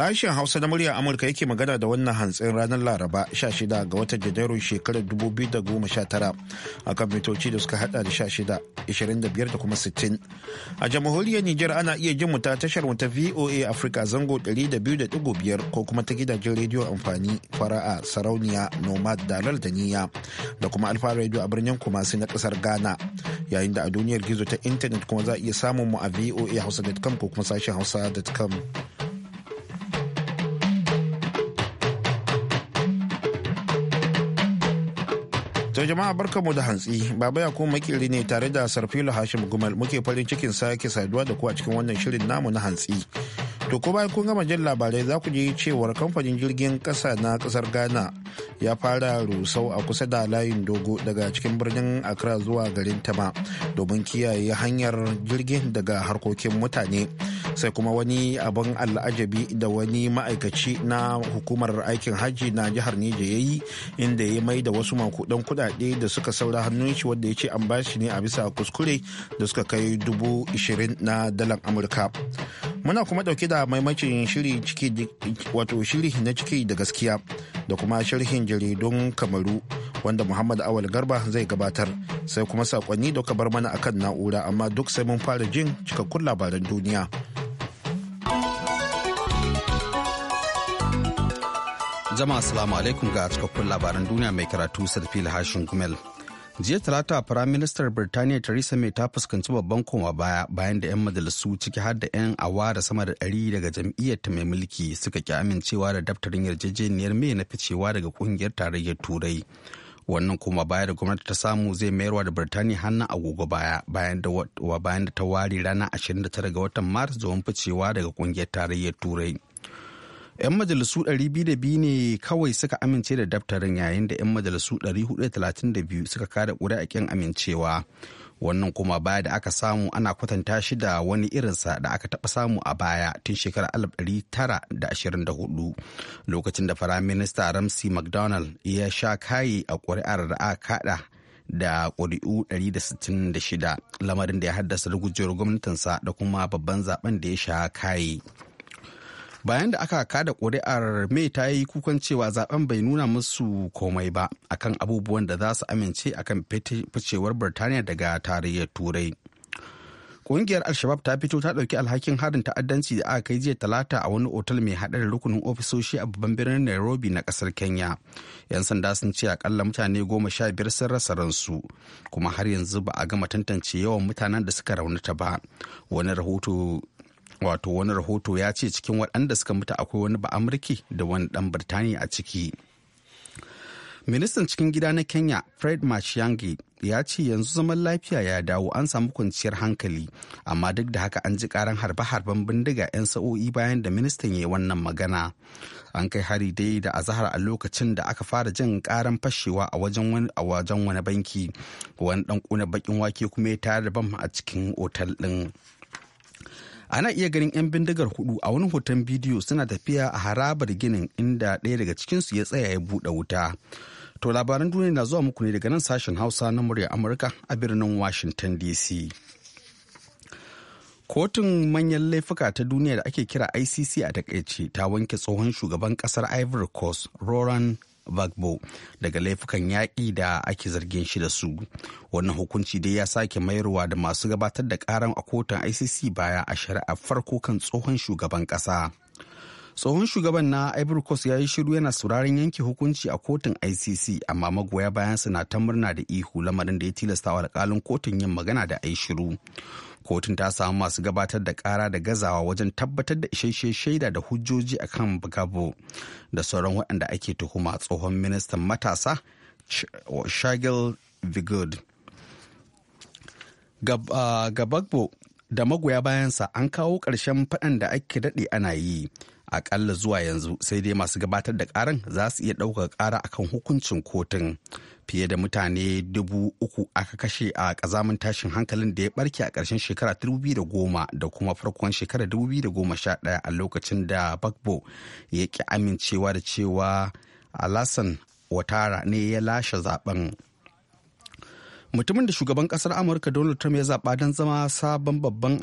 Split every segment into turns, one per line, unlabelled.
Sashen Hausa na muryar Amurka yake magana da wannan hantsin ranar Laraba 16 ga watan Janairun shekarar 2019 a kan mitoci da suka hada da 16, 25 da kuma 60. A jamhuriyar Nijar ana iya jin ta tashar ta VOA Afrika zango 200.5 ko kuma ta gidajen rediyo amfani fara'a sarauniya nomad dalar da niya da kuma alfa rediyo a birnin kumasi na kasar Ghana. Yayin da a duniyar gizo ta intanet kuma za a iya samun mu a voa hausa.com ko kuma sashen hausa.com. To jama'a mu da hantsi, Baba Yakubu Makiri ne tare da Sarfilo Hashim Gumal muke farin cikin sake saduwa da ku a cikin wannan shirin namu na hantsi. To ko bayan kun gama jin labarai za ku ji cewar kamfanin jirgin ƙasa na ƙasar Ghana ya fara rusau a kusa da layin dogo daga cikin birnin Accra zuwa garin Tama domin kiyaye hanyar jirgin daga harkokin mutane. sai kuma wani abin al'ajabi da wani ma'aikaci na hukumar aikin hajji na jihar nija ya yi inda ya mai da wasu makudan kudade da suka saura hannun shi wanda ya ce an bashi ne a bisa kuskure da suka kai dubu ishirin na dalar Amurka. Muna kuma dauke da maimacin shiri ciki wato shiri na ciki da gaskiya da kuma sharhin jaridun Kamaru wanda Muhammad Awal Garba zai gabatar sai kuma sakonni da ka bar mana akan na'ura amma duk sai mun fara jin cikakkun labaran duniya.
Jama'a asalamu alaikum ga cikakkun labaran duniya mai karatu Sarfil Hashin Gumel. Jiya Talata Firaministar Birtaniya Theresa May ta fuskanci babban koma baya bayan da 'yan majalisu ciki har da 'yan awa da sama da ɗari daga jam'iyyar ta mai mulki suka ki amincewa da daftarin yarjejeniyar May na ficewa daga kungiyar tarayyar Turai. Wannan koma baya da gwamnati ta samu zai mayarwa da Birtaniya hannun agogo baya bayan da ta ware ranar 29 ga watan Maris domin ficewa daga kungiyar tarayyar Turai. 'yan majalisu 202 ne kawai suka amince da daftarin yayin da 'yan majalisu 432 suka kada ƙuri'akin amincewa wannan kuma baya da aka samu ana kwatanta shi da wani irinsa da aka taɓa samu a baya tun shekarar 1924 lokacin da firaminista ramsey mcdonald ya sha kayi a kuri'ar da aka kada da ƙuri'u 166 lamarin da ya haddasa rugujewar gwamnatinsa da kuma babban zaben da ya sha kayi. bayan da aka kada kuri'ar mai ta yi kukan cewa zaben bai nuna musu komai ba akan abubuwan da za su amince akan ficewar birtaniya daga tarayyar turai kungiyar alshabab ta fito ta ɗauki alhakin harin ta'addanci da aka kai jiya talata a wani otal mai haɗa rukunin ofisoshi a babban birnin nairobi na ƙasar kenya yan sanda sun ce akalla mutane goma sha biyar sun rasa ransu kuma har yanzu ba a gama tantance yawan mutanen da suka raunata ba wani rahoto wato wani rahoto ya ce cikin waɗanda suka mutu akwai wani ba'amurki da wani ɗan birtaniya a ciki ministan cikin gida na kenya fred machiangi ya ce yanzu zaman lafiya ya dawo an samu kwanciyar hankali amma duk da haka an ji karan harbe-harben bindiga 'yan sa'o'i bayan da ministan ya yi wannan magana an kai hari dai da azahar a lokacin da aka fara jin karan fashewa a wajen wani banki wani dan kuna bakin wake kuma ya tare da bam a cikin otal din. ana iya ganin 'yan bindigar hudu a wani hoton bidiyo suna tafiya a harabar ginin inda ɗaya daga cikinsu ya tsaya ya buɗe wuta to labaran duniya na zuwa muku ne daga nan sashen hausa na murya amurka a birnin washington dc kotun manyan laifuka ta duniya da ake kira icc a takaice ta wanke tsohon shugaban kasar ivory coast roran bagbo daga laifukan yaƙi da ake zargin shi da su. Wannan hukunci dai ya sake mayarwa da masu gabatar da ƙaran a kotun ICC baya a shari'ar farko kan tsohon shugaban ƙasa. tsohon shugaban na ivory coast ya yi shiru yana sauraron yanke hukunci a kotun icc amma magoya bayansa na ta murna da ihu lamarin da ya tilasta wa alkalin kotun yin magana da ai shiru kotun ta samu masu gabatar da kara da gazawa wajen tabbatar da isasshe shaida da hujjoji akan gabo da sauran waɗanda ake tuhuma tsohon ministan matasa shagil vigud ah, gabagbo da magoya bayansa an kawo ƙarshen faɗan da ake daɗe ana yi akalla zuwa yanzu sai dai masu gabatar da ƙaran za su iya ɗaukar ƙara akan hukuncin kotun. fiye da mutane dubu uku aka kashe a kazamin tashin hankalin da ya barke a ƙarshen shekara 2010 da kuma farkon shekara 2011 a lokacin da bagbo ya ki amincewa da cewa alasan watara ne ya lashe zaben mutumin da shugaban kasar amurka donald trump ya zaba don zama sabon babban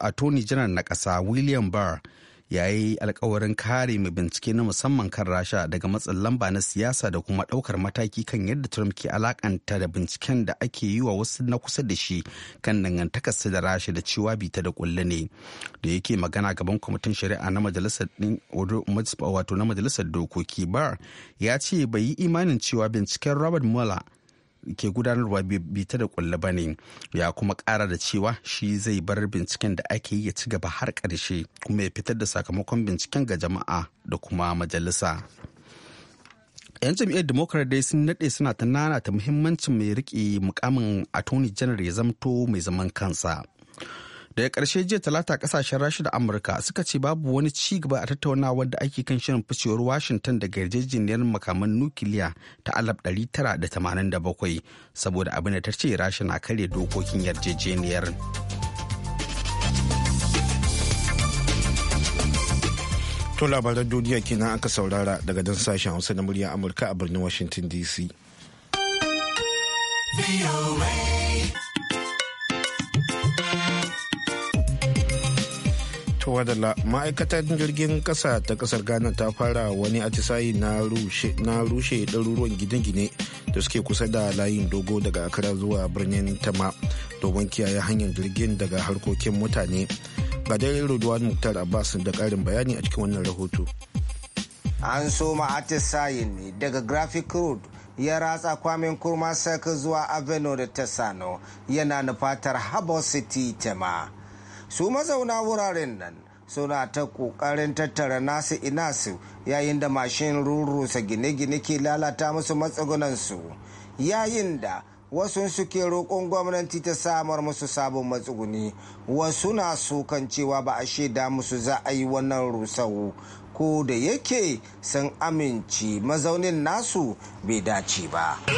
attorney general na ƙasa william barr ya yi alkawarin kare mai bincike na musamman kan rasha daga matsin lamba na siyasa da kuma daukar mataki kan yadda trump ke alakanta da binciken da ake yi wa wasu na kusa da shi kan dangantakarsa da rasha da cewa bita da kulle ne da yake magana gaban kwamitin shari'a na majalisar wato na majalisar dokoki bar ya ce bai yi imanin cewa binciken robert mueller ke gudanarwa bai ta da kulle ba ne ya kuma kara da cewa shi zai bar binciken da ake yi ya ci gaba har ƙarshe kuma ya fitar da sakamakon binciken ga jama'a da kuma majalisa 'yan jam'iyyar democrat dai sun nade suna ta nanata muhimmancin mai rike mukamin attorney general ya zamto mai zaman kansa daga karshe jiya talata ƙasashen rasha da amurka suka ce babu wani ci gaba a tattaunawa da ake kan shirin ficewar washington daga yarjejeniyar makaman nukiliya ta alab 987 saboda abin da ta ce rasha na karya dokokin yarjejeniyar
to labaran duniya kenan aka saurara daga dan sashen hausa na murya amurka a birnin washington dc To wadala ma'aikatar jirgin kasa ta kasar Ghana ta fara wani atisayi na rushe ɗaruruwan gine-gine da suke kusa da layin dogo daga kara zuwa birnin Tama domin kiyaye hanyar jirgin daga harkokin mutane. Ga dai Rodwan Muktar Abbas da ƙarin bayani a cikin wannan rahoto.
An soma atisayin ne daga Graphic Road ya ratsa kwamin kurma saka zuwa aveno da tesano yana nufatar harbor city tema su mazauna wuraren nan suna ta kokarin tattara nasu ina inasu yayin da mashin rurrusa gine-gine ke lalata musu matsugunansu yayin da wasu suke roƙon gwamnati ta samar musu sabon matsuguni wasu na sukan cewa ba a shaida musu za a yi wannan rusau ko da yake sun amince mazaunin nasu bai dace ba. Uh,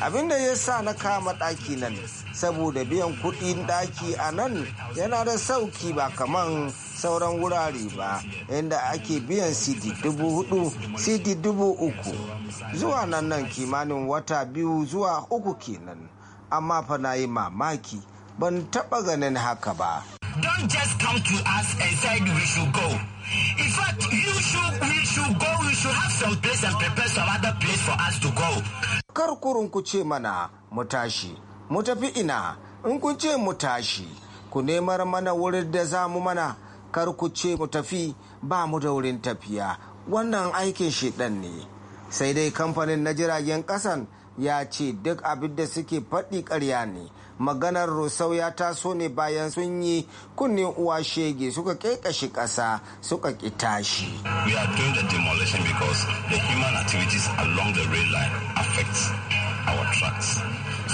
Abin da ya sa na kama ɗaki nan saboda biyan kuɗin ɗaki a nan yana da sauki ba kaman sauran wurare ba inda ake biyan cd dubu hudu cd dubu uku zuwa nan nan kimanin wata biyu zuwa uku kenan amma fa na yi mamaki ban taɓa ganin haka ba. don't just come to us and say we should go. In fact, you should, we should go, we should have some place and prepare some other place for us to go. Kar kurun ku ce mana mu tashi, mu tafi ina, in kun ce mu tashi, ku nemar mana wurin da za mu mana, kar ku ce mu tafi ba mu da wurin tafiya, wannan aikin shiɗan ne. Sai dai kamfanin na jiragen ƙasan ya ce duk abin da suke faɗi ƙarya ne. maganar rusau ya taso ne bayan sun yi kunnen uwa shege suka kekashi ƙasa suka ƙi
demolition because the human activities along the rail line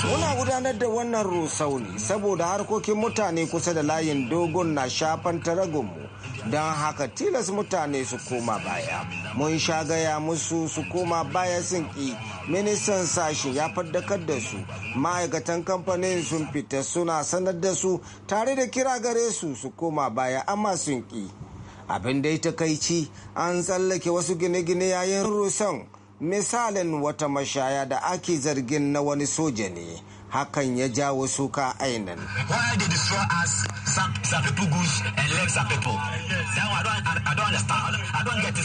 Muna
gudanar da wannan rusau ne saboda harkokin mutane kusa da layin dogon na shafan taragonmu don haka tilas mutane su koma baya mun sha gaya musu su koma baya sun ki ministan sashi ya faddakar da su ma'aikatan kamfanin sun fita suna sanar da su tare da kira gare su su koma baya amma sun ki abin dai takaici an tsallake wasu gine-gine yayin rusan misalin wata mashaya da ake zargin na wani soja ne hakan ya ja wasu ka ainihin.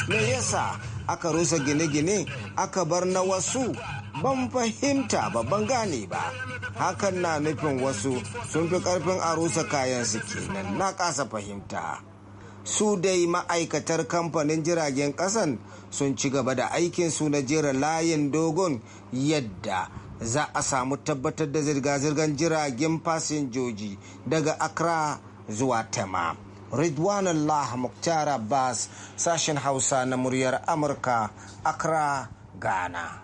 Me yasa aka rusa gine-gine aka bar na wasu ban fahimta ba ban gane ba hakan na nufin wasu sun fi karfin a rusa kayan su kenan na kasa fahimta su dai ma'aikatar kamfanin jiragen kasan sun ci gaba da aikin su na jera layin dogon yadda za a samu tabbatar da zirga-zirgar jiragen fasinjoji daga accra zuwa tema ridwan allah mukhtar abbas sashen hausa na muryar amurka accra ghana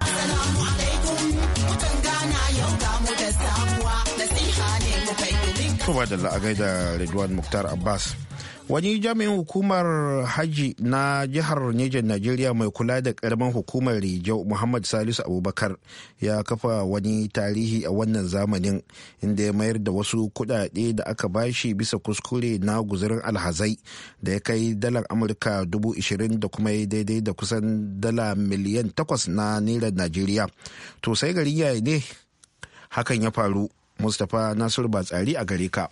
kuma da la'agai da Ridwan Muktar Abbas wani jami'in hukumar hajji na jihar Nijar Najeriya mai kula da karamin hukumar Rijau Muhammad Salisu Abubakar ya kafa wani tarihi a wannan zamanin inda ya mayar da wasu kudade da aka bashi bisa kuskure na guzurin alhazai da ya kai dalar Amurka dubu ishirin da kuma ya daidai da kusan dala miliyan takwas na naira Najeriya. To sai gari ne hakan ya faru. Mustapha Nasiru Batsari a gare ka.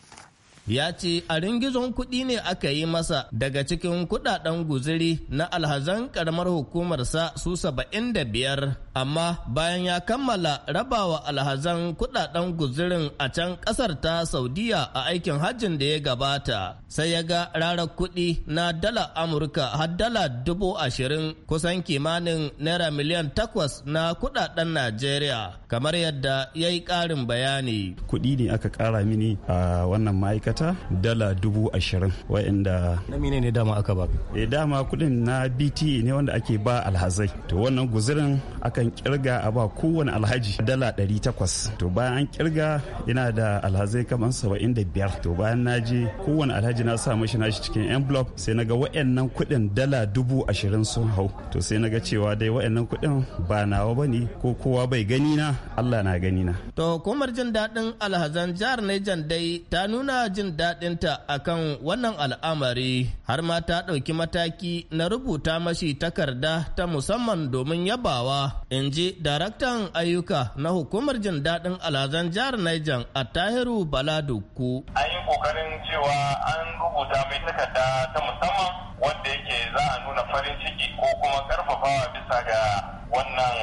ya ce a ringizon kuɗi ne aka yi masa daga cikin kuɗaɗen guziri na alhazan ƙaramar hukumarsa su saba'in da biyar amma bayan ya kammala rabawa alhazan kuɗaɗen guzirin a can ƙasar ta saudiya a aikin hajjin da ya gabata sai ya ga rarar kuɗi na dala amurka har dala dubu ashirin kusan kimanin naira miliyan takwas na kuɗaɗen najeriya kamar yadda ya yi ƙarin bayani
kuɗi ne aka ƙara mini a wannan ma'aikata ma'aikata dala dubu ashirin wa'inda na mine ne dama aka ba eh, e dama kudin na bta ne wanda ake ba alhazai to wannan guzirin akan kirga a ba kowane alhaji dala ɗari takwas to bayan an kirga ina da alhazai kamar saba'in da biyar to bayan na je kowane alhaji na sa mashi nashi cikin envelope sai na ga wa'annan kudin dala dubu ashirin sun hau to sai na ga cewa dai wa'annan kudin ba nawa ba ne ko kowa bai gani na allah na gani na
to kumar jin daɗin alhazan jihar Niger dai ta nuna jin jin daɗinta akan wannan al'amari har ma ta ɗauki mataki na rubuta mashi takarda ta musamman domin yabawa in ji daraktan ayyuka na hukumar jin daɗin alhazan jihar Niger a tahiru bala baladuku. An yi
ƙoƙarin cewa an rubuta mai takarda ta musamman wanda yake za a nuna farin ciki
ko kuma ƙarfafawa bisa ga wannan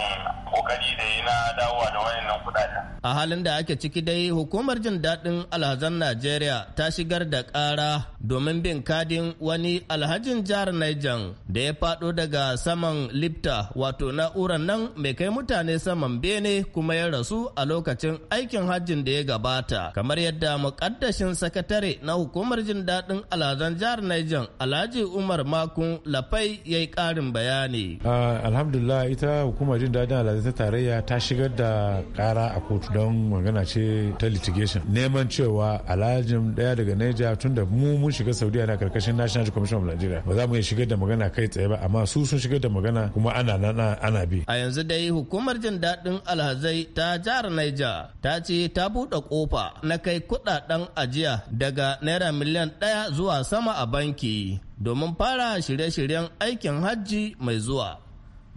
kokari da yi na dawowa da
nan kudaden. A halin da ake ciki dai hukumar jin daɗin alhazan Najeriya ta shigar da ƙara domin bin kadin wani alhajin jihar Niger da ya faɗo daga saman lifta wato na'urar nan mai kai mutane saman bene kuma ya rasu a lokacin aikin hajjin da ya gabata kamar yadda muƙaddashin sakatare na hukumar jin daɗin alhazan jihar Niger Alhaji Umar Makun Lafai ya yi ƙarin bayani.
Ah, alhamdulillah ita hukumar jin daɗin alhazai ta tarayya ta shigar da kara a kotu don magana ce ta litigation neman cewa alhajin daya daga Niger tun da mu mun shiga Saudiya na karkashin National Commission of Nigeria ba za mu iya shigar da magana kai tsaye ba amma su sun shigar da magana kuma ana nan ana bi
a yanzu dai hukumar jin daɗin alhazai ta jihar Niger ta ce ta buɗe kofa na kai kuɗaɗen ajiya daga naira miliyan ɗaya zuwa sama a banki domin fara shirye-shiryen aikin hajji mai zuwa.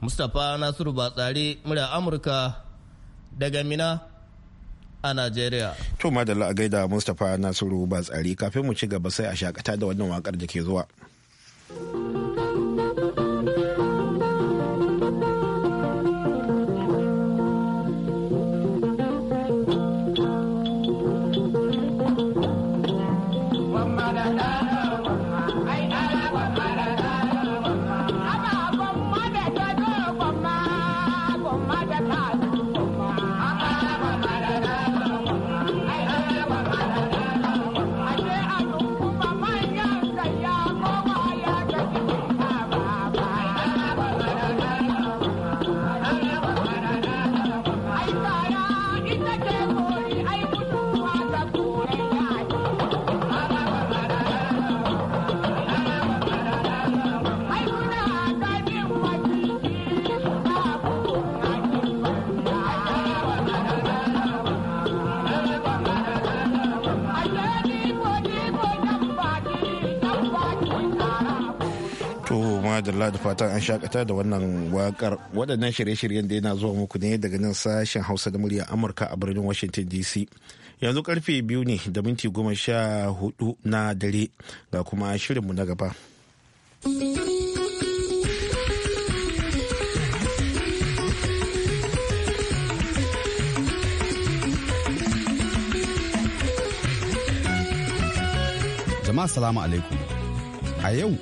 mustapha nasiru batsari murya amurka daga mina a najeriya
to da a gaida mustapha nasiru batsari kafin mu ci gaba sai a shakata da wannan wakar da ke zuwa muna da fatan an shakata da wannan wakar waɗannan shirye-shiryen da yana zuwa muku ne daga nan sashen hausa da murya amurka a birnin washington dc yanzu karfe biyu ne da minti goma sha hudu na dare ga kuma shirinmu na gaba
jama'a salamu alaikum a yau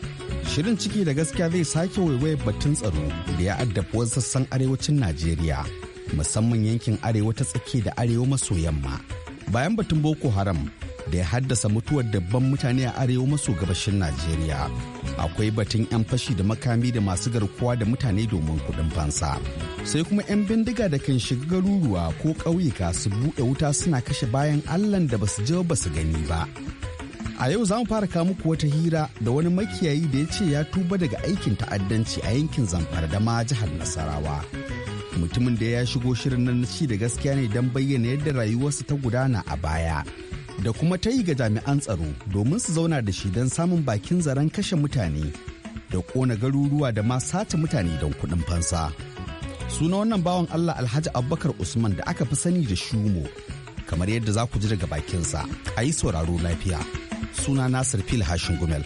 Shirin ciki da gaskiya zai sake waiwayar batun tsaro da ya addabi wasu sassan arewacin Najeriya, musamman yankin arewa ta tsaki da arewa maso yamma. Bayan batun Boko Haram da ya haddasa mutuwar dabban mutane a arewa maso gabashin Najeriya, akwai batun 'yan fashi da makami da masu garkuwa da mutane domin kuɗin fansa. Sai kuma 'yan bindiga da kan shiga garuruwa ko ƙauyuka su buɗe wuta suna kashe bayan Allahn da basu je ba su gani ba. A yau za mu fara kawo muku wata hira da wani makiyayi da ya ce ya tuba daga aikin ta'addanci a yankin Zamfara da ma jihar Nasarawa. Mutumin da ya shigo shirin nan ci da gaskiya ne don bayyana yadda rayuwarsa ta gudana a baya. Da kuma ta yi ga jami'an tsaro domin su zauna da shi don samun bakin zaren kashe mutane da kona garuruwa da ma sace mutane don kuɗin fansa. Suna wannan bawan Allah Alhaji Abubakar Usman da aka fi sani da Shumo kamar yadda za ku ji daga bakinsa a yi sauraro lafiya suna nasir fil hashin gumel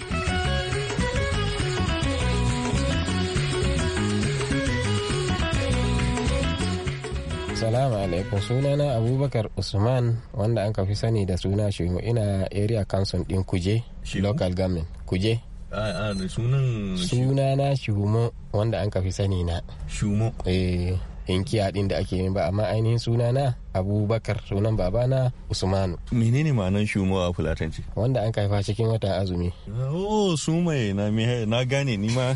Salamu alaikum
sunana Abubakar Usman wanda an kafi sani da suna Shimu ina area council din Kuje local government Kuje sunana Shumo wanda an kafi sani na Shumo eh. inkiya din da ake yin ba amma ainihin sunana
abubakar sunan babana usmanu menene ma'anar shumowa a fulatanci wanda an kaifa cikin watan azumi oh su mai na na gane ni ma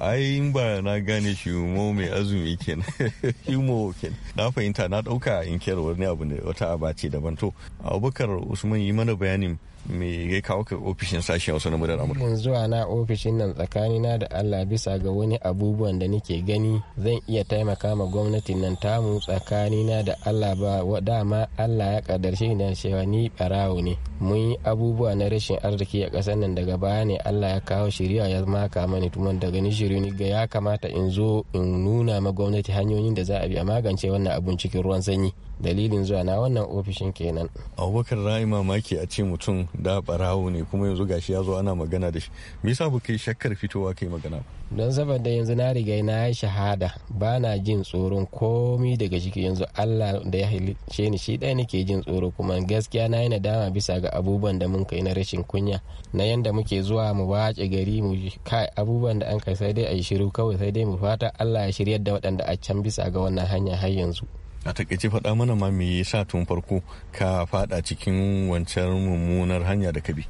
ai ba na gane shumo mai azumi kenan shumo kenan na fahimta na dauka inkiyar wani abu ne wata abace daban to abubakar usman yi mana bayanin me ya kawo ka ofishin sashen wasu na murar amurka
zuwa na ofishin nan tsakanina da allah bisa ga wani abubuwan da nake gani zan iya taimaka ma gwamnatin nan tamu tsakanina da allah ba dama allah ya kadarshe da cewa ni barawo ne mun yi abubuwa na rashin arziki a ƙasar nan daga baya ne allah ya kawo shirya ya maka mani tuma daga ni ni ga ya kamata in zo in nuna ma gwamnati hanyoyin da za a bi a magance wannan abun cikin ruwan sanyi
dalilin zuwa na wannan ofishin kenan abubakar ra'ayi mamaki a ce mutum da barawo ne kuma yanzu gashi ya zo ana magana da shi me yasa ba kai shakkar fitowa kai magana
don saboda yanzu na riga na yi shahada ba na jin tsoron komi daga ciki yanzu allah da ya halice ni shi ɗaya nake jin tsoro kuma gaskiya na yi nadama bisa ga abubuwan da mun kai na rashin kunya na yanda muke zuwa mu wace gari mu kai abubuwan da an kai sai dai a yi shiru kawai sai dai mu fata allah ya shiryar da waɗanda a can bisa ga wannan hanya har yanzu
a takaice faɗa mana ma me yasa tun farko ka faɗa cikin wancan mummunar hanya da ka bi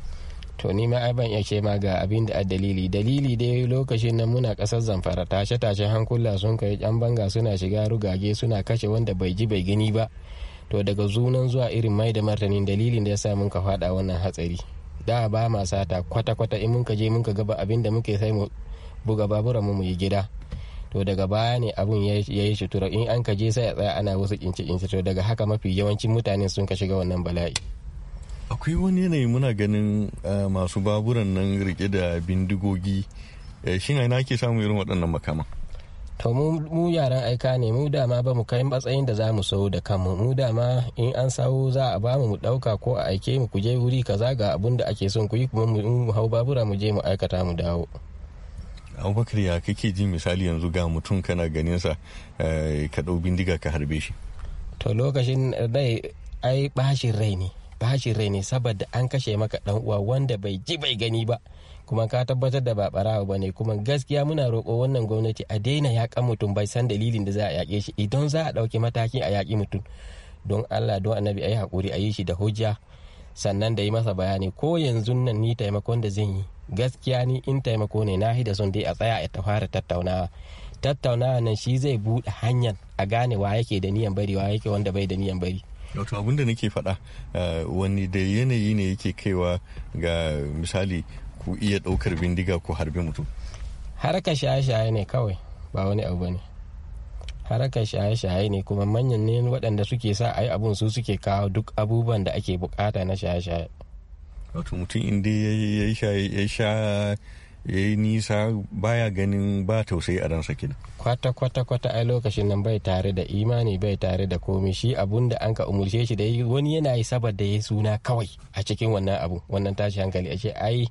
to ni ma ai ban iya ce ma ga abin da a dalili dalili dai lokacin nan muna kasar zamfara tashe tashe hankula sun kai yan banga suna shiga rugage suna kashe wanda bai ji bai gani ba to daga zunan zuwa irin mai da martanin dalilin da ya sa mun ka fada wannan hatsari da ba ma sata kwata kwata in mun ka je mun ka gaba abin da muke sai mu buga baburan mu mu yi gida to daga baya ne abun ya yi shitura in an ka je sai a tsaya ana wasu kince kince to daga haka mafi yawancin mutane sun ka shiga wannan bala'i
akwai wani yanayi muna ganin eh, masu baburan nan rike da bindigogi eh, shin aina ke samun irin waɗannan makaman
to mu yaran aika ne mu dama ba mu kai matsayin da za mu sau da kanmu mu dama in an sau za a ba mu mu ɗauka ko a aike mu kuje wuri kaza ga abun da ake son ku yi kuma mu hau babura mu je mu aikata mu dawo
abubakar ya kake ji misali yanzu ga mutum kana ganin sa eh, ka ɗau bindiga ka harbe shi to
lokacin rai ai bashin rai ne bashin rai ne saboda an kashe maka dan uwa wanda bai ji bai gani ba kuma ka tabbatar da ba barawa ba ne kuma gaskiya muna roƙo wannan gwamnati a daina yaƙan mutum bai san dalilin da za a yaƙe shi idan za a ɗauki mataki a yaƙi mutum don allah don annabi a yi haƙuri a yi shi da hujja sannan da yi masa bayani ko yanzu nan ni taimakon da zan yi gaskiya ni in taimako ne na da son dai a tsaya a fara tattaunawa tattaunawa nan shi zai buɗe hanyar a gane wa yake da niyan bari wa yake wanda bai da niyan bari
wato abin da nake faɗa eh, wani da yanayi ne yake kaiwa ga misali ku iya ɗaukar bindiga ku harbi mutum
harka shaye-shaye ne kawai ba wani abu ne harakar shaye-shaye ne kuma manyan ne waɗanda suke sa a yi abun su suke kawo duk abubuwan da ake bukata na shaye-shaye
wato mutum inda ya sha ya yi nisa baya ganin ba tausayi a ransa kina.
kwata kwata kwata ai lokacin nan bai tare da imani bai tare da komai shi abun da an ka umurce shi da wani yana yi sabar da ya suna kawai a cikin wannan abu wannan tashi hankali a ce ai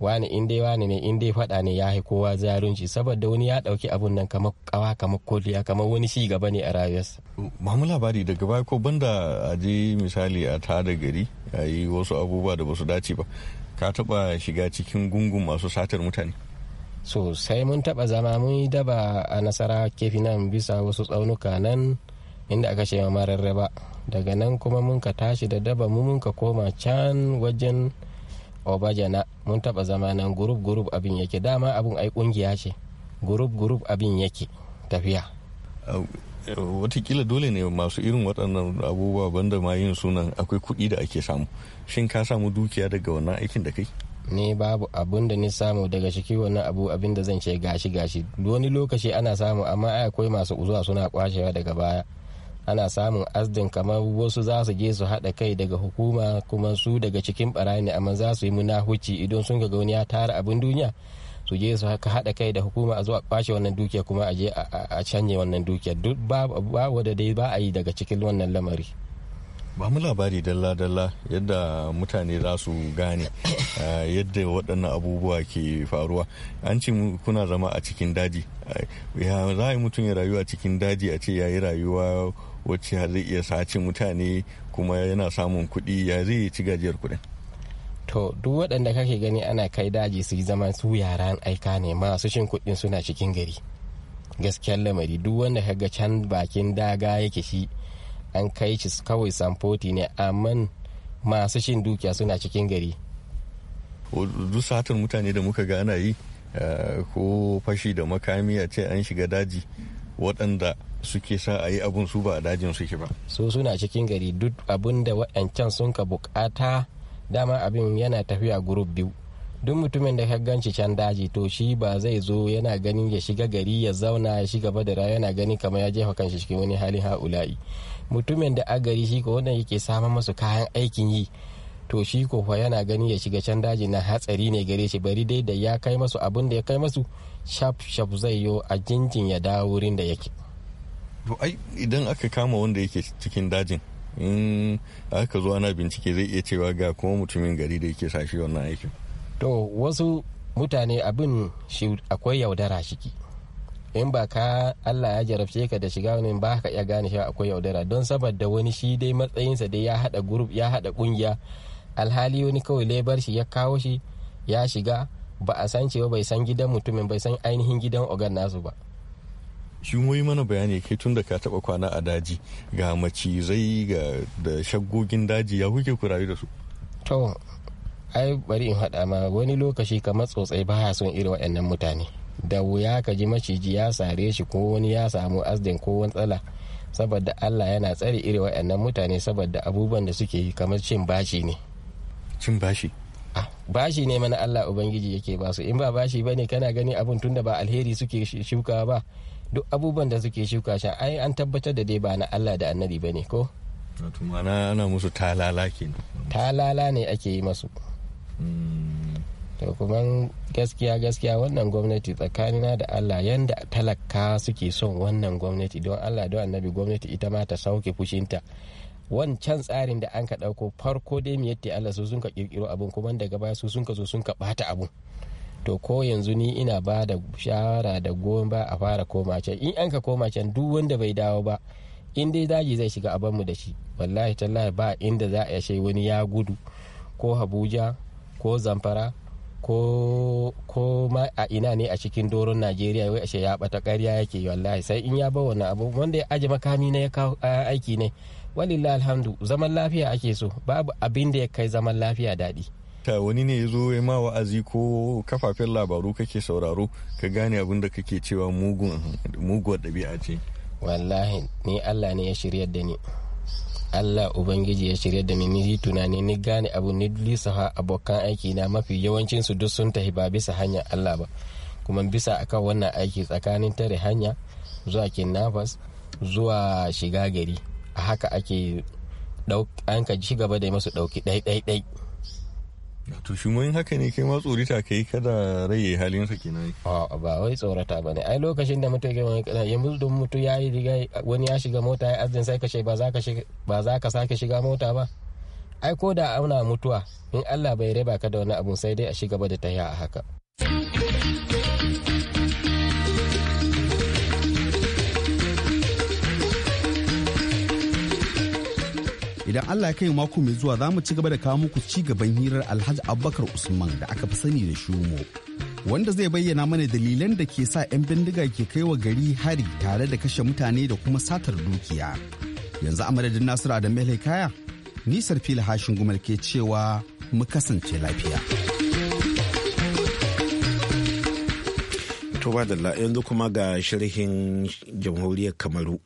wani in dai wani ne in dai faɗa ne ya yi kowa zarunci saboda wani ya ɗauki abun nan kamar kawa kamar koliya kamar wani shi gaba ne a rayuwarsa.
mamu labari daga baya ko banda a je misali a ta da gari a yi wasu abubuwa da basu dace ba ka taɓa shiga cikin gungun masu satar mutane.
sosai mun taɓa zama mun yi daba a nasara kefi nan bisa wasu tsaunuka nan inda aka ce mararraba daga nan kuma mun ka tashi da daba mu mun ka koma can wajen obajana mun taba zama nan gurub gurub abin yake dama abin ai kungiya ce gurub gurub abin yake tafiya
watakila dole ne masu irin waɗannan abubuwa banda ma yin sunan akwai kuɗi da ake samu shin ka samu dukiya daga wannan aikin da kai
ne babu abun da ni samu daga shiki wannan abu abin da zan ce gashi gashi wani lokaci ana samu amma akwai masu zuwa suna kwashewa daga baya ana samun asdin kamar wasu za su je su haɗa kai daga hukuma kuma su daga cikin barani amma za su yi huci idan sun ga wani ya tara abin duniya su je su haka haɗa kai da hukuma a zuwa kwashe wannan dukiya kuma a je a canye wannan dukiya duk babu da dai ba a yi daga cikin wannan lamari
ba mu labari dalla-dalla yadda mutane za su gane eh, yadda waɗannan abubuwa ke faruwa an ce kuna zama a cikin daji za a yi mutum ya rayuwa a cikin daji a ce ya yi rayuwa wacce zai iya sace mutane kuma yana samun kuɗi ya zai ci gajiyar kuɗin to
duk waɗanda kake gani ana kai daji su yi zama su yaran aika ne masu shin kuɗin suna cikin gari gaskiyar lamari duk wanda kaga can bakin daga yake shi an kai shi kawai samfoti ne amma masu shin dukiya suna cikin gari
duk satar mutane da muka gana yi eh, ko fashi da makami a ce an shiga daji waɗanda suke sa a yi abun su ba a dajin suke ba su
suna cikin gari duk abun da wa'ancan sun ka bukata dama abin yana tafiya gurub biyu duk mutumin da ka ganci can daji to shi ba zai zo yana ganin ya shiga gari ya zauna ya shiga badara yana gani kamar ya jefa kanshi cikin wani halin ha'ula'i mutumin da a gari shi ko wannan yake samar masu kayan aikin yi to shi ko fa yana gani ya shiga can daji na hatsari ne gare shi bari dai da ya kai masu abin da ya kai masu shaf shaf zai yo a jinjin ya dawo wurin da yake
to ai idan aka kama wanda yake cikin dajin in aka zo ana bincike zai iya cewa ga kuma mutumin gari da yake sashi wannan aikin
to wasu mutane abin shi akwai yaudara shiki in ba ka Allah ya jarabce ka da shiga wani ba ka iya gane cewa akwai yaudara don saboda wani shi dai matsayinsa dai ya hada group ya hada kungiya alhali wani kawai lebar shi ya kawo shi ya shiga ba a san cewa bai san gidan mutumin bai san ainihin gidan ogan nasu ba
shi yi mana bayani kai tun da ka taba kwana a daji ga macizai ga da shagogin daji ya kuke ku rayu da su
to ai bari in hada ma wani lokaci kamar tsotsai ba son irin waɗannan mutane da wuya ka ji maciji ya sare shi ko wani ya samu asdin ko wani tsala saboda allah yana tsare irin waɗannan mutane saboda abubuwan da suke kamar cin bashi ne cin bashi ah bashi ne mana allah ubangiji yake ba su in ba bashi ba ne kana gani abun tunda ba alheri suke shukawa ba duk abubuwan da suke shuka shi ai an tabbatar da dai ba na Allah da annabi ba ne ko
wato mana ana musu talala ke
talala ne ake yi masu hmm. to kuma gaskiya gaskiya wannan gwamnati tsakanina da Allah yanda talaka suke son wannan gwamnati don Allah da annabi gwamnati ita ma ta sauke fushinta wancan tsarin da an ka ɗauko farko dai mu yadda Allah su sun ka kirkiro abin kuma daga baya su sun ka zo sun ka bata abun. to ko yanzu ni ina ba da shawara da goyon ba a fara koma can in an ka koma can duk wanda bai dawo ba in dai daji zai shiga a mu da shi wallahi tallahi ba inda za a yashe wani ya gudu ko habuja ko zamfara ko ma a ina ne a cikin doron najeriya wai ashe ya bata karya yake wallahi sai in ya ba wannan abu wanda ya aji makami ne ya kawo aiki ne walillah alhamdu zaman lafiya ake so babu abin da ya kai zaman lafiya daɗi
ta wani ne ya zo ya ma wa'azi ko kafafen labaru kake sauraro ka gane abin da kake cewa muguwar ɗabi'a ce wallahi ni allah ne ya shirya da ni
allah ubangiji ya shirya da ni ni tunani ni gane abu ni ha abokan aiki na mafi yawancin su duk sun tafi ba bisa hanya allah ba kuma bisa akan wannan aiki tsakanin tare hanya zuwa kinnafas zuwa shiga gari a haka ake an ka ci gaba da masu ɗauki ɗai ɗai ɗai to shi
mun haka ne kai ma tsorita kai kada halin halinsa kenan a ba wai tsorata ba ne
ai lokacin da mutum ya wani kana yanzu don mutu ya yi riga wani ya shiga mota ya azin sai ka ce ba za ka ba za ka sake shiga mota ba ai ko da auna mutuwa in Allah bai raba ka da wani abu sai dai a shiga ba da tahiya a haka
idan Allah ya kai mako mai zuwa za mu ci gaba da kawo muku ci gaban hirar Alhaji Abubakar Usman da aka fi sani da Shumo. Wanda zai bayyana mana dalilan da ke sa 'yan bindiga ke kai wa gari hari tare da kashe mutane da kuma satar dukiya. Yanzu a madadin Nasiru Adam Kaya, nisar fili hashin gumar ke cewa mu kasance lafiya.
To ba da yanzu kuma ga shirhin jamhuriyar Kamaru.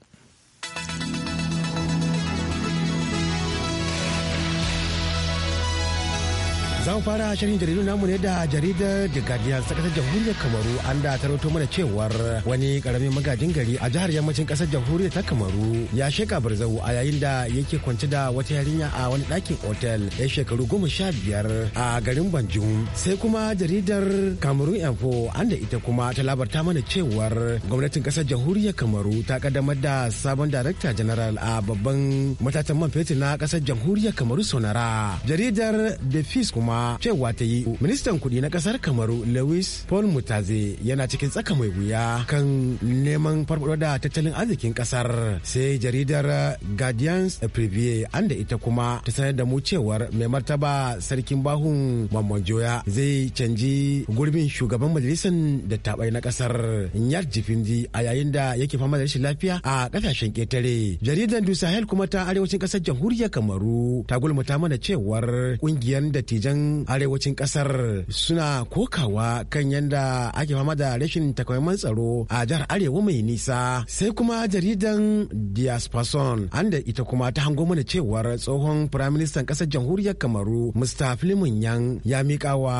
za mu fara shirin jaridu namu ne da jaridar The Guardian sakasar jamhuriyar Kamaru an da ta mana cewar wani karamin magajin gari a jihar yammacin kasar jamhuriyar ta Kamaru ya sheka barzahu a yayin da yake kwance da wata yarinya a wani ɗakin otal ya shekaru goma sha biyar a garin Banjum sai kuma jaridar Kamaru Info an da ita kuma ta labarta mana cewar gwamnatin kasar jamhuriyar Kamaru ta kaddamar da sabon darakta general a babban matatan man fetur na kasar jamhuriyar Kamaru Sonara jaridar The Peace kuma kuma cewa ta yi ministan kuɗi na ƙasar kamaru lewis paul mutaze yana cikin tsaka mai wuya kan neman farfaɗo da tattalin arzikin ƙasar sai jaridar guardians preview an da ita kuma ta sanar da mu cewar mai martaba sarkin bahun mamman joya zai canji gurbin shugaban majalisar dattabai na ƙasar nyar jifindi a yayin da yake fama da rashin lafiya a ƙasashen ketare jaridar du sahel kuma ta arewacin ƙasar jamhuriyar kamaru ta gulmuta mana cewar ƙungiyar dattijan arewacin kasar suna kokawa kan yanda ake fama da rashin takamaiman tsaro a jihar arewa mai nisa sai kuma jaridan diaspason an da ita kuma ta hango mana cewar tsohon firaministan kasar jamhuriyar kamaru mr filimin yan ya miƙa wa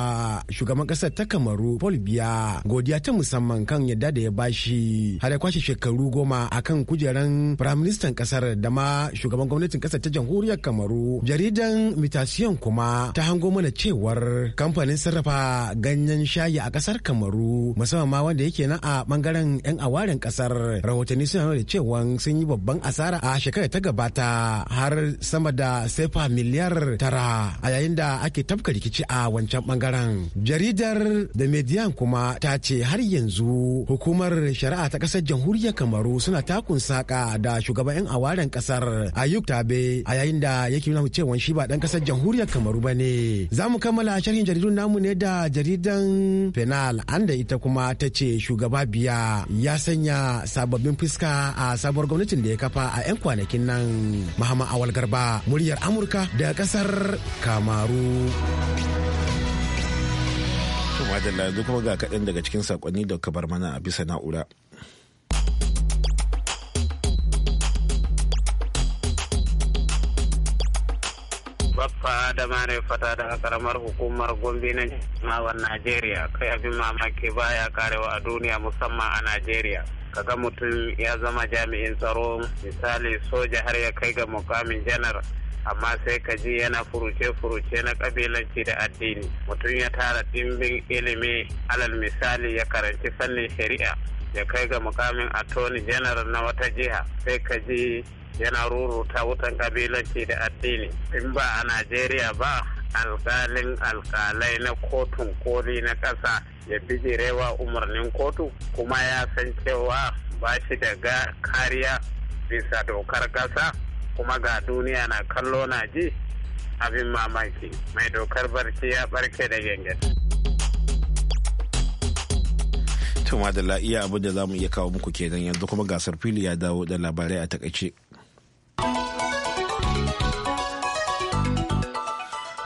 shugaban kasar ta kamaru paul biya godiya ta musamman kan yadda da ya bashi har ya kwashe shekaru goma akan kujeran firaministan kasar da ma shugaban gwamnatin kasar ta jamhuriyar kamaru jaridan mitasiyon kuma ta hango mana cewar kamfanin sarrafa ganyen shayi a kasar kamaru musamman ma wanda yake na a bangaren yan awaren kasar rahotanni suna da cewa sun yi babban asara a shekarar ta gabata har sama da sefa miliyar tara a yayin da ake tafka rikici a wancan bangaren jaridar da median kuma ta ce har yanzu hukumar shari'a ta kasar jamhuriyar kamaru suna takun saka da shugaban yan awaren kasar ayuk tabe a yayin da yake nuna cewa shi ba dan kasar jamhuriyar kamaru ba ne Za mu kammala sharhin jaridun namu ne da jaridan penal anda ita kuma ta ce shugaba biya ya sanya sababbin fuska a sabuwar gwamnatin da ya kafa a 'yan kwanakin nan Muhammad Awal Garba muryar Amurka da kasar Kamaru.
kuma Madalla yanzu kuma ga kaɗan daga cikin saƙonni da ka bar mana a bisa na'ura.
baffa adama ne fata daga karamar hukumar gombe na mawar najeriya kai abin mamaki baya karewa a duniya musamman a najeriya kaga mutum ya zama jami'in tsaro misali soja har ya kai ga mukamin janar amma sai ka ji yana furuce-furuce na kabilanci da addini mutum ya tara dimbin ilimi alal misali ya karanci fannin shari'a ya kai ga mukamin attorney general na wata jiha sai ka ji yana ruruta wutan kabilanci da addini in ba a najeriya ba alkalin alkalai na kotun koli na ƙasa ya bijirewa umarnin kotu kuma ya san cewa ba shi da kariya bisa dokar ƙasa kuma ga duniya na kallo na ji abin mamaki mai dokar barci ya barke da
gengen.
ma da la'iya abin da zamu iya kawo muku kenan yanzu kuma gasar fili ya dawo da labarai a takaice.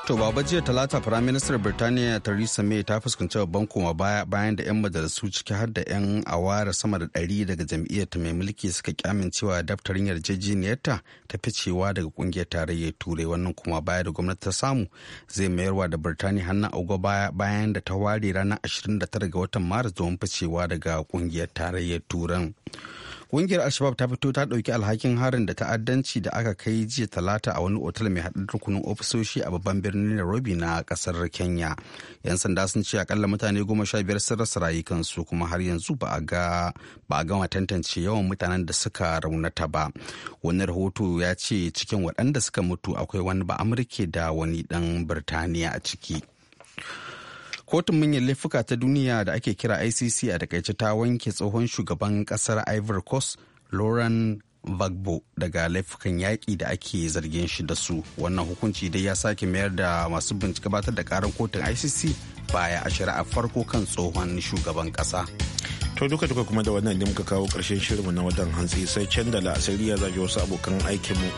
To baba jiya talata firaministar Birtaniya Theresa May ta fuskanci babban koma baya bayan da 'yan majalisu ciki har da 'yan awara sama da ɗari daga jam'iyyar ta mai mulki suka kyamin cewa daftarin yarjejeniyarta ta ficewa daga kungiyar tarayyar turai wannan koma baya da gwamnati ta samu zai mayarwa da Birtaniya hannun agwa baya bayan da ta ware ranar 29 ga watan Maris domin ficewa daga kungiyar tarayyar turai. Ƙungiyar Alshabab ta fito ta ɗauki alhakin harin da ta'addanci da aka kai jiya talata a wani otal mai haɗin rukunin ofisoshi a babban birnin Nairobi na ƙasar Kenya. 'Yan sanda sun ce akalla mutane goma sha biyar sun rasa rayukansu kuma har yanzu ba a ga ba a gama tantance yawan mutanen da suka raunata ba. Wani rahoto ya ce cikin waɗanda suka mutu akwai wani ba Amurke da wani ɗan Birtaniya a ciki. kotun manyan laifuka ta duniya da ake kira icc a takaice ta wanke tsohon shugaban kasar ivory coast lauren Bagbo daga laifukan yaƙi da ake zargin shi da su. Wannan hukunci dai ya sake mayar da masu bincike batar da karar kotun ICC baya a shari'a farko kan tsohon shugaban ƙasa. To duka duka kuma da wannan
ne muka kawo ƙarshen shirinmu na watan hantsi sai can da la'asari ya zage wasu abokan aikinmu.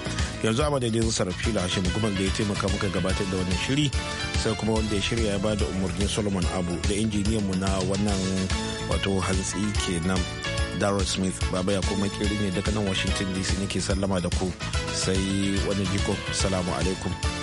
Yanzu a madadin sarrafi lashin kuma da ya taimaka muka gabatar da wannan shiri sai kuma wanda ya shirya ya ba da umarnin Solomon Abu da injiniyanmu na wannan wato hantsi kenan. Darrell Smith baba ya kuma kiri ne daga nan Washington DC nake sallama da ku sai wani jiko salamu alaikum.